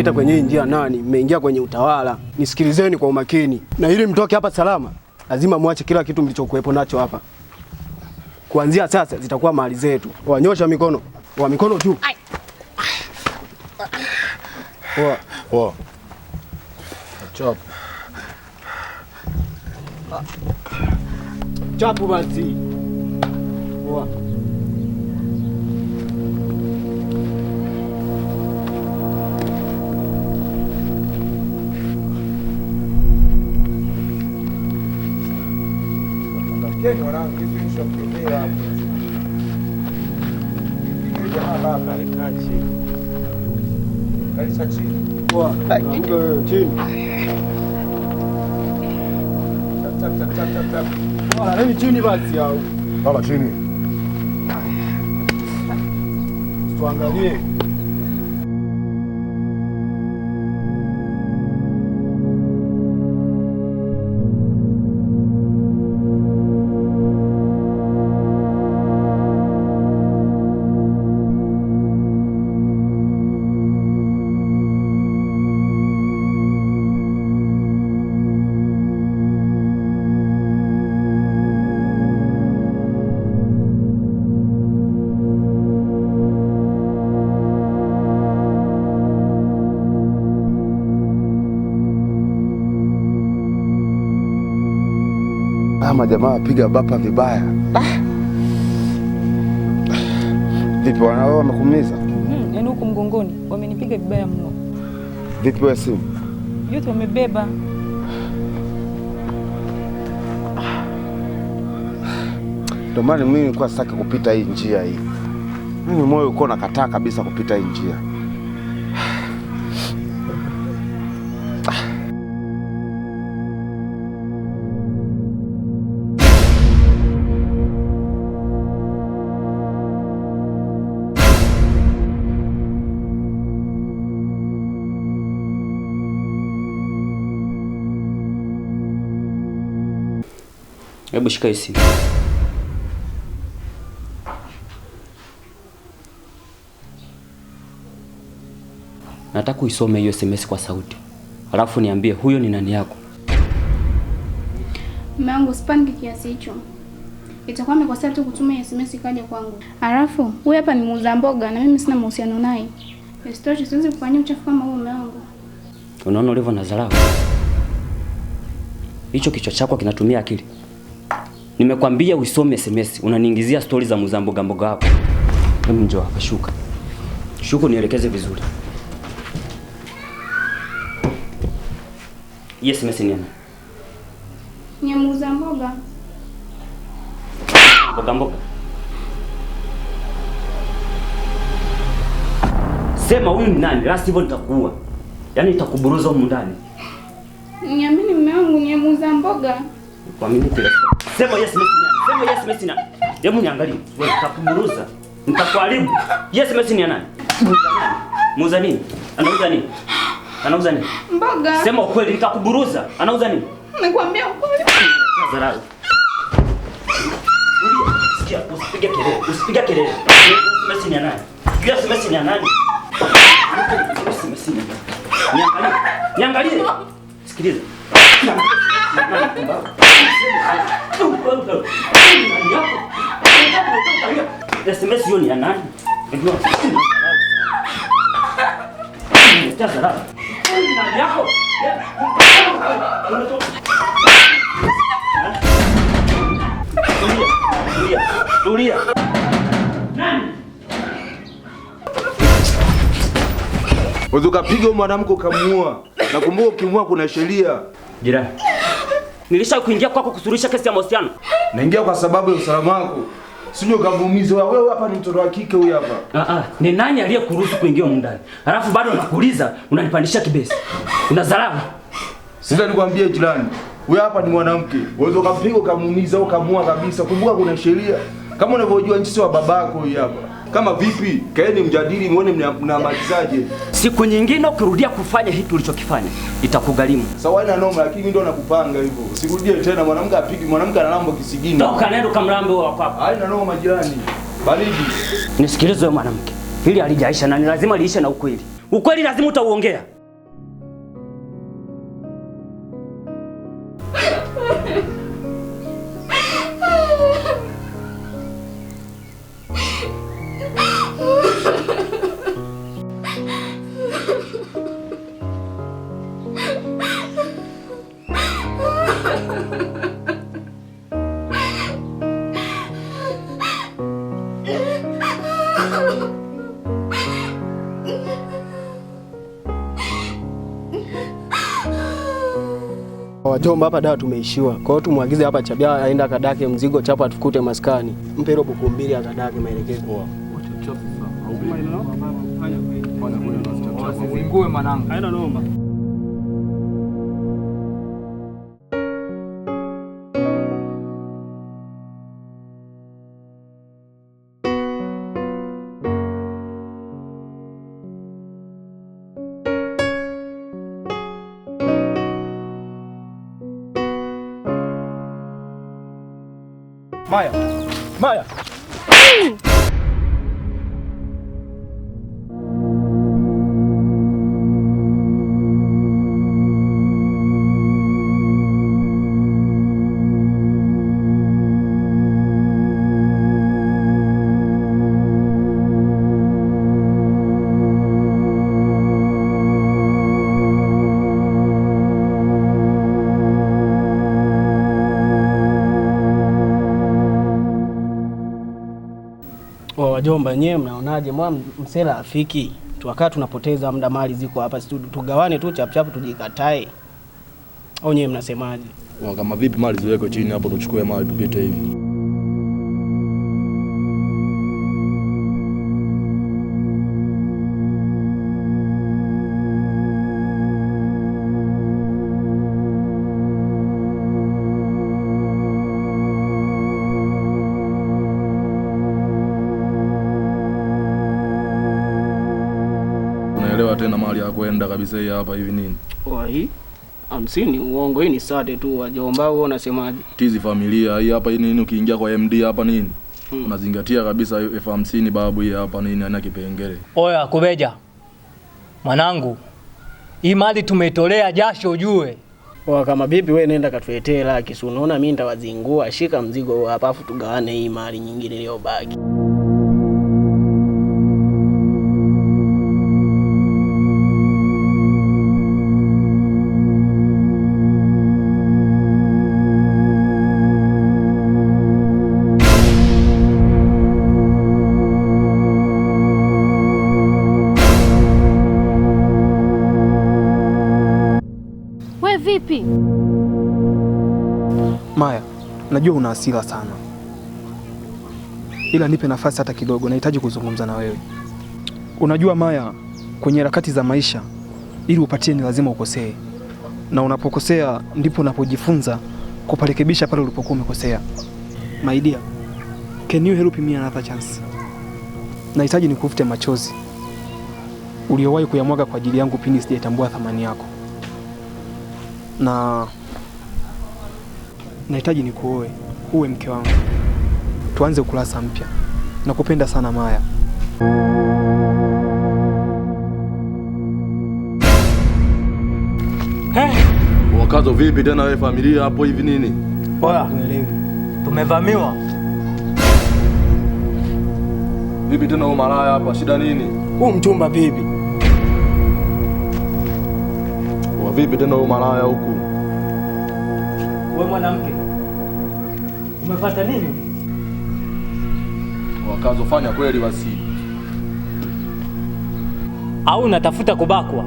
mmepita kwenye hii njia nani? Mmeingia kwenye utawala. Nisikilizeni kwa umakini, na ili mtoke hapa salama, lazima mwache kila kitu mlichokuwepo nacho hapa. Kuanzia sasa zitakuwa mali zetu. Wanyosha mikono, wa mikono juu. Chapu basi. chini basi au lala chini tuangalie. kama jamaa apiga bapa vibaya. Ah. Vipi, wanao wamekumiza? Hmm, yaani huku mgongoni wamenipiga vibaya mno. Vipi wewe simu? Yote wamebeba. Ndio maana mimi nilikuwa sitaki kupita hii njia hii. Mimi moyo uko kataa kabisa kupita hii njia. Hebu shika hii simu. Nataka uisome hiyo SMS kwa sauti, alafu niambie huyo ni nani yako. Mume wangu, sipangi kiasi hicho, itakuwa amekosea tu kutuma SMS ikaja kwangu. Alafu huyu hapa ni muuza mboga na mimi sina mahusiano naye, isitoshe siwezi kufanya uchafu kama huyo. Mume wangu, unaona ulivyo na dharau? Hicho kichwa chako kinatumia akili. Nimekwambia usome SMS, unaniingizia stori za muzamboga mboga hapo. Hebu njoo hapa, shuka. Shuka nielekeze vizuri. Yes, SMS ni nani? Ni muzamboga. Mboga mboga. Sema huyu ni nani? La sivyo nitakuua. Yaani nitakuburuza huko ndani. Niamini mume wangu, ni Kwa Kuamini kile. Sema yes Messi nani? Sema yes Messi nani? Hebu niangalie. Wewe utakumruza. Nitakuharibu. Yes Messi ni nani? Muuza nini? Anauza nini? Anauza nini? Mboga. Sema ukweli nitakuburuza. Anauza nini? Nakwambia ukweli. Zarau. Sikia, usipige kelele. Usipige kelele. Messi ni nani? Yes Messi ni nani? Yes Messi ni nani? Niangalie. Niangalie. Sikiliza. SMS hiyo ni ya nani? Tulia. Uzukapiga mwanamke ukamuua. Nakumbuka ukimua kuna sheria. Jira. Nilisha kuingia kwako kusuluhisha kesi ya mahusiano. Naingia kwa sababu ya usalama wako. Sije ukavumize wewe wewe hapa ni mtoto wa kike huyu hapa. Ah ah, ni nani aliyekuruhusu kuingia huko ndani? Alafu bado nakuuliza unanipandisha kibesi. Unadharau. Sasa nikwambie jirani, huyu hapa ni mwanamke. Wewe ukampiga ukamuumiza au ukamua kabisa. Kumbuka kuna sheria. Kama unavyojua nchi wa babako huyu hapa kama vipi? Kaeni mjadili, muone mnamalizaje. Siku nyingine ukirudia kufanya hiki ulichokifanya itakugharimu. Sawa na noma, lakini mimi ndo nakupanga hivyo, usirudie tena. Mwanamke apigi mwanamke analambo kisigini. Toka nenda kamlambe wako hapa. Haina noma jirani, baridi. Nisikilize wewe mwanamke, hili halijaisha na ni lazima liishe na ukweli. Ukweli lazima utauongea. Wajomba, hapa dawa tumeishiwa. Kwa hiyo tumwagize hapa Chabia aenda kadake mzigo chapo tukute maskani. Mpe robo buku mbili akadake maelekezo. Mwanangu. 妈呀妈呀 Mjomba, nyewe mnaonaje? Mwa msela afiki, tuwakaa tunapoteza muda, mali ziko hapa, si tugawane tu chapchapu, tujikatae au nyewe mnasemaje? Kama vipi, mali ziweko chini hapo, tuchukue mali tupite hivi mali ya kwenda kabisa hii hapa hivi nini. Wahi. Hamsini uongo, hii ni sade tu wajomba, wewe unasemaje? Tizi familia hii hapa hii nini, ukiingia kwa MD hapa nini? Hmm. Unazingatia kabisa elfu hamsini babu, hii hapa nini ana kipengele. Oya kubeja. Mwanangu. Hii mali tumetolea jasho ujue. Oa kama bibi wewe nenda katuletee laki, si unaona mimi nitawazingua, shika mzigo hapa afu tugawane hii mali nyingine iliyobaki. najua una hasira sana, ila nipe nafasi hata kidogo, nahitaji kuzungumza na wewe. Unajua Maya, kwenye harakati za maisha, ili upatie ni lazima ukosee, na unapokosea ndipo unapojifunza kuparekebisha pale ulipokuwa umekosea. My dear, can you help me another chance? Nahitaji nikufute machozi uliowahi kuyamwaga kwa ajili yangu pindi sijaitambua thamani yako na nahitaji nikuoe, uwe mke wangu, tuanze ukurasa mpya. Nakupenda sana Maya. Hey. Eh! Wakazo vipi tena wewe familia hapo hivi nini? Poa, kuelewi. Tumevamiwa. Vipi tena wewe malaya hapa shida nini? Huu mchumba vipi? Wa vipi tena wewe malaya huku? Wewe mwanamke Umepata nini? Wakazofanya kweli wasi. Au unatafuta kubakwa?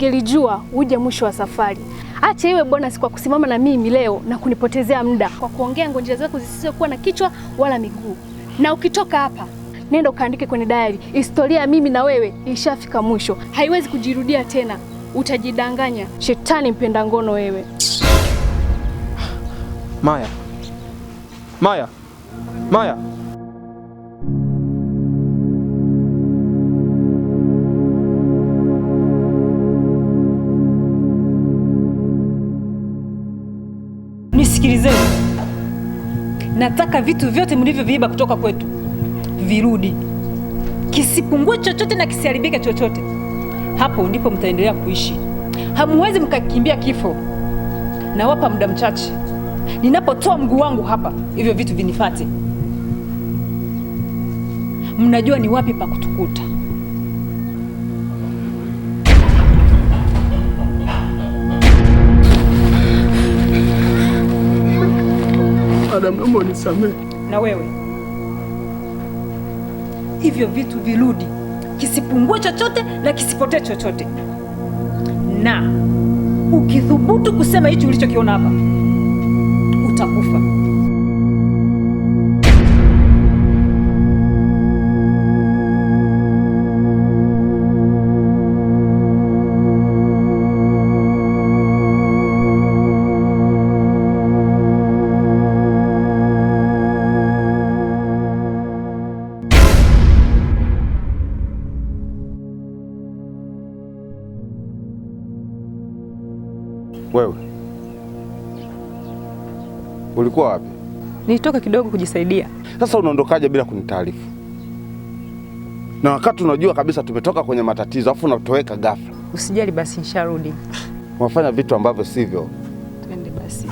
ungelijua uje mwisho wa safari. Acha iwe bwana, sikwa kwa kusimama na mimi leo na kunipotezea muda kwa kuongea ngonjera zako zisizokuwa na kichwa wala miguu. Na ukitoka hapa, nenda ukaandike kwenye diary, historia mimi na wewe ishafika mwisho, haiwezi kujirudia tena. Utajidanganya shetani mpenda ngono wewe. Maya, Maya, Maya. Nisikilizeni, nataka vitu vyote mlivyoviiba kutoka kwetu virudi, kisipungue chochote na kisiharibike chochote. Hapo ndipo mtaendelea kuishi. Hamuwezi mkakimbia kifo. Nawapa muda mchache, ninapotoa mguu wangu hapa, hivyo vitu vinifate. Mnajua ni wapi pa kutukuta. sana, naomba unisamehe. Na wewe hivyo vitu virudi, kisipungue chochote na kisipotee chochote, na ukithubutu kusema hichi ulichokiona hapa utakufa. nilitoka kidogo kujisaidia. Sasa unaondokaje bila kunitaarifu? Na wakati unajua kabisa tumetoka kwenye matatizo afu unatoweka ghafla. Usijali basi, nisharudi. Unafanya vitu ambavyo sivyo. Twende basi.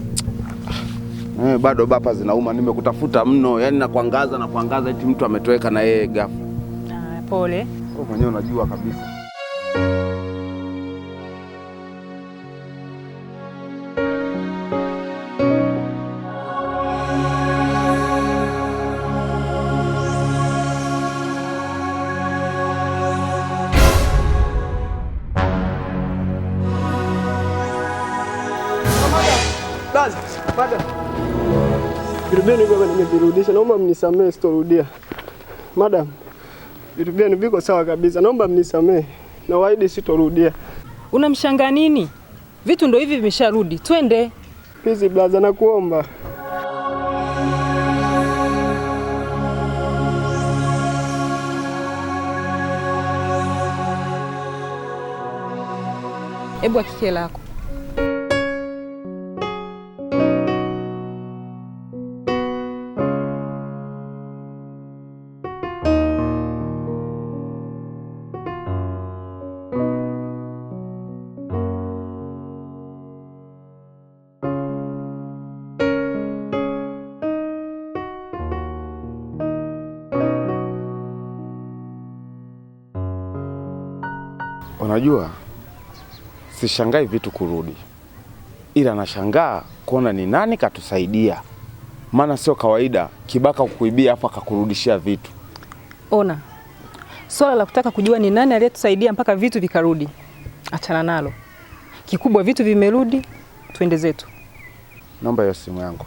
Eh, bado bapa zinauma, nimekutafuta mno, yaani nakuangaza na kuangaza, eti mtu ametoweka na yeye ghafla. Ah, pole. Wewe mwenyewe unajua kabisa. kazi. Vitu vyenu hivyo nimevirudisha, naomba mnisamehe, sitorudia. Madam, vitu vyenu viko sawa kabisa, naomba mnisamehe na waidi sitorudia. Unamshangaa nini? Vitu ndo hivi vimesharudi, twende. Please blaza, nakuomba Hebu akike lako Unajua, sishangai vitu kurudi, ila nashangaa kuona ni nani katusaidia, maana sio kawaida kibaka kukuibia afu akakurudishia vitu. Ona, swala la kutaka kujua ni nani aliyetusaidia mpaka vitu vikarudi, achana nalo. Kikubwa vitu vimerudi, twende zetu. Naomba hiyo simu yangu.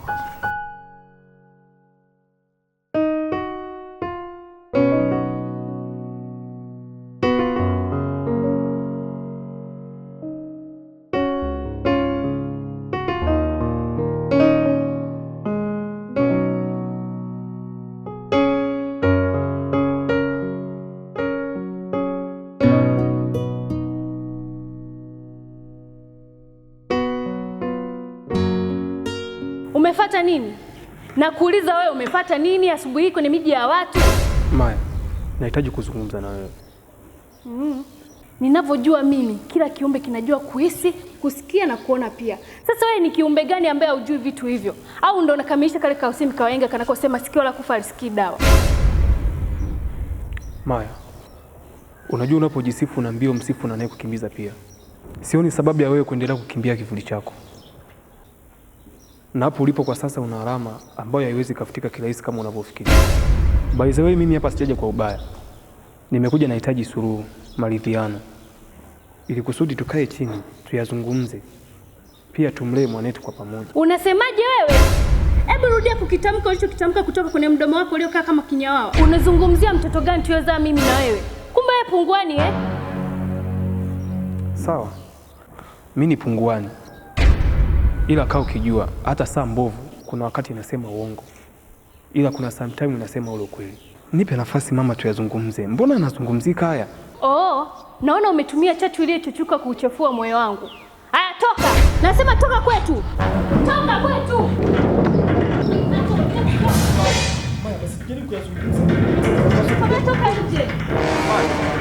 umefata nini? Nakuuliza wewe umefata nini asubuhi hii kwenye miji ya watu? Maya, nahitaji kuzungumza na wewe. Mm. Ninavyojua mimi kila kiumbe kinajua kuhisi, kusikia na kuona pia. Sasa wewe ni kiumbe gani ambaye hujui vitu hivyo? Au ndo unakamilisha kale kausemi kawaenga kanakosema sikio la kufa alisikii dawa? Maya, unajua unapojisifu na mbio msifu na naye kukimbiza pia. Sioni sababu ya wewe kuendelea kukimbia kivuli chako na hapo ulipo kwa sasa una alama ambayo haiwezi kafutika kirahisi kama unavyofikiri. By the way, mimi hapa sijaja kwa ubaya, nimekuja nahitaji suluhu, maridhiano, ili kusudi tukae chini tuyazungumze, pia tumlee mwanetu kwa pamoja. Unasemaje wewe? Hebu rudia kukitamka ulichokitamka kutoka kwenye mdomo wako uliokaa kama kinyawao. Unazungumzia mtoto gani tuyozaa mimi na wewe? Kumbe wewe punguani eh? Sawa, mimi ni punguani ila kaa ukijua hata saa mbovu kuna wakati inasema uongo, ila kuna sometime inasema ule ukweli. Nipe nafasi mama, tuyazungumze. Mbona anazungumzika haya? Oh, naona umetumia chachu iliyochuchuka kuuchafua moyo wangu. aya toka! Nasema toka kwetu, toka kwetu. Toka nje!